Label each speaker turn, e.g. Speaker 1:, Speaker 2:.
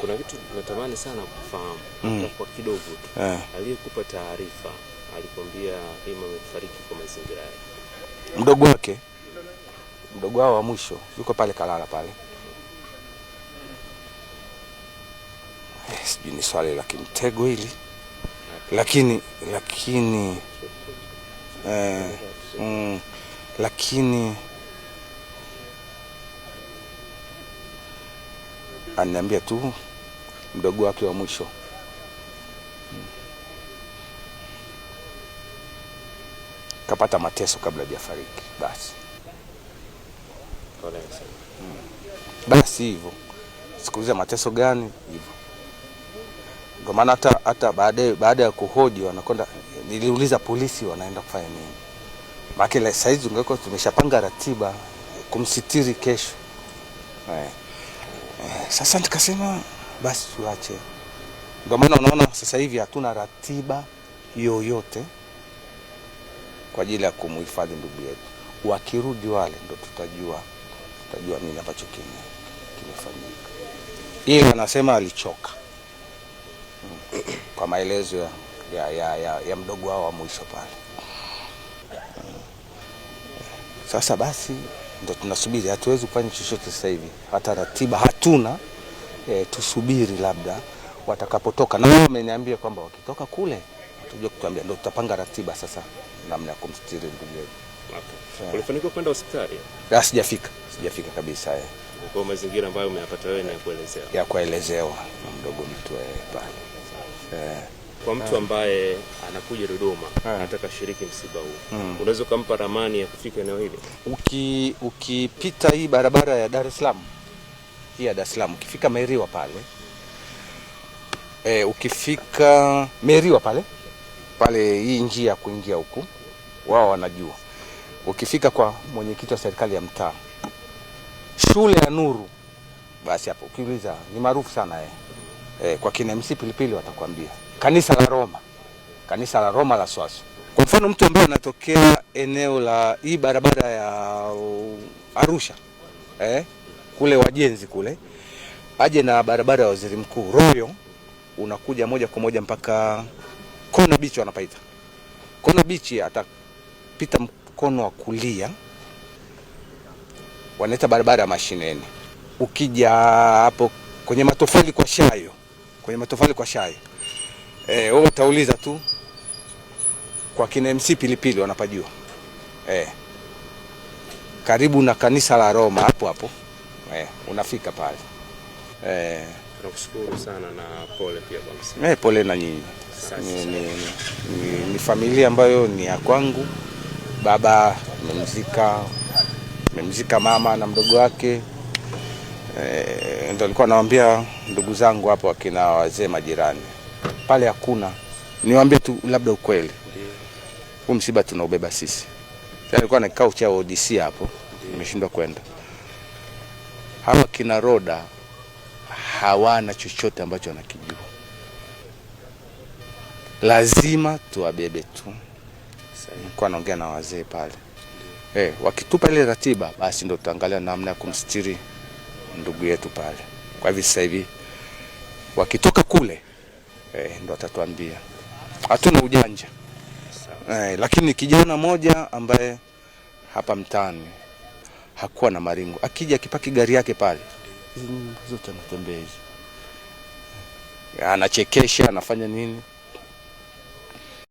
Speaker 1: Kuna kitu natamani sana kufahamu mm. kwa kidogo tu yeah. Aliyekupa taarifa alikwambia Rima amefariki kwa mazingira yake?
Speaker 2: Mdogo wake, mdogo wao wa mwisho yuko pale kalala pale. Eh, sijui ni swali la kimtego hili lakini lakini eh, mm, lakini aniambia tu mdogo wake wa mwisho. Kapata mateso kabla hajafariki. Basi basi hivyo, sikuuliza mateso gani hivyo. Ndio maana hata hata baadaye, baada ya kuhoji wanakwenda, niliuliza polisi wanaenda kufanya nini? la saizi ungekuwa tumeshapanga ratiba kumsitiri kesho. Eh. Eh, sasa nikasema basi tuache. Ndio maana unaona sasa hivi hatuna ratiba yoyote kwa ajili ya kumhifadhi ndugu yetu. Wakirudi wale ndo tutajua, tutajua nini ambacho kimefanyika, kime anasema alichoka kwa maelezo ya, ya, ya, ya, ya mdogo wao wa mwisho pale. Sasa basi ndo tunasubiri, hatuwezi kufanya chochote sasa hivi, hata ratiba hatuna e, tusubiri labda watakapotoka, na wameniambia kwamba wakitoka kule watuje kutuambia, ndio tutapanga ratiba sasa namna ya kumstiri ndugu yetu.
Speaker 1: Okay. Eh. Ulifanikiwa kwenda hospitali?
Speaker 2: Ah, sijafika. Sijafika kabisa eh.
Speaker 1: Kwa mazingira ambayo umeyapata wewe ni ya kuelezewa.
Speaker 2: Ya kuelezewa na mdogo mtu eh pale.
Speaker 1: Eh. Kwa mtu ah. ambaye anakuja Dodoma ah. anataka shiriki msiba huu mm. Unaweza kumpa ramani ya kufika eneo
Speaker 2: hili ukipita uki hii barabara ya Dar es Salaam ya Dar es Salaam. Ukifika Meriwa pale e, ukifika Meriwa pale pale, hii njia ya kuingia huku wao wanajua. Ukifika kwa mwenyekiti wa serikali ya mtaa shule ya Nuru, basi hapo ukiuliza ni maarufu sana e. E, kwa kina MC Pilipili watakwambia kanisa la Roma, kanisa la Roma la Swaso. Kwa mfano mtu ambaye anatokea eneo la hii barabara ya Arusha eh, kule wajenzi kule aje na barabara ya waziri mkuu royo unakuja moja kwa moja mpaka kona Beach wanapaita kona Beach, atapita mkono wa kulia wanaita barabara ya mashineni. Ukija hapo kwenye matofali kwa shayo, kwenye matofali kwa shayo eh, wewe utauliza tu kwa kina MC Pilipili wanapajua eh, karibu na kanisa la Roma hapo hapo eh, unafika pale
Speaker 1: eh. Nakushukuru sana na pole pia bwana.
Speaker 2: Eh, pole na nyinyi ni, ni, ni, ni familia ambayo ni ya kwangu. Baba amemzika memzika mama na mdogo wake eh, ndio alikuwa anawaambia ndugu zangu hapo akina wazee majirani pale, hakuna niwaambie tu labda ukweli, huu msiba tunaubeba sisi. Alikuwa kikao cha ODC hapo, nimeshindwa kwenda. Hawa kina Roda hawana chochote ambacho wanakijua, lazima tuwabebe tu. Nilikuwa naongea na wazee pale eh, wakitupa ile ratiba, basi ndio tutaangalia namna ya kumstiri ndugu yetu pale. Kwa hivyo sasa hivi wakitoka kule eh, ndo atatuambia. Hatuna ujanja eh, lakini kijana moja ambaye hapa mtaani hakuwa na maringo. Akija akipaki gari yake pale, zote anatembea hizi, anachekesha, anafanya nini?